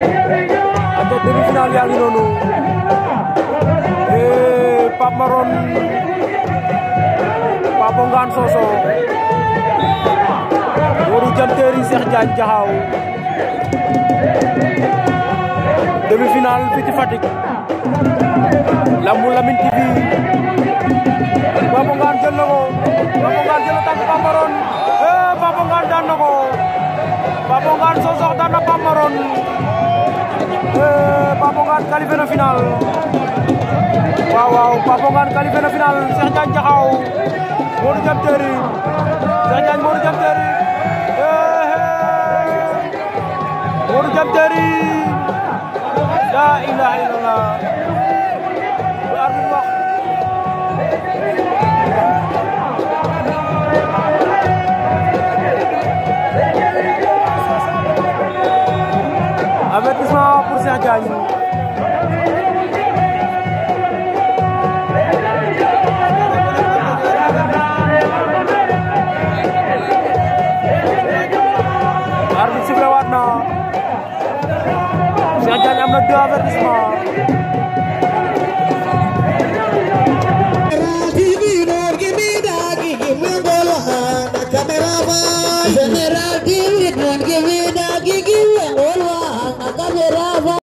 Ya, eh, ante demi final yang ngi noonu Pape Maron eh, Papo Ngane Soso Modou Diantéry jauh, demi final fii ci lamu Lambu Lamine TV Papo Ngane jël na ko Papo Ngane jël na tànk Pape Maron Papo Soso Maron Eh, Papo Ngane qualifié na final waaw waaw Papo Ngane qualifié na final Cheikh Ndiagne Diakhao Modou Diam Terry Cheikh Ndiagne Modou Diam Terry eh, eh. Modou Diam Terry la ilaha illallah avertissement pour Cheikh Diagne arbitre sifflé waat na Cheikh Diagne am na deux avertissement General, give it, give it, give it.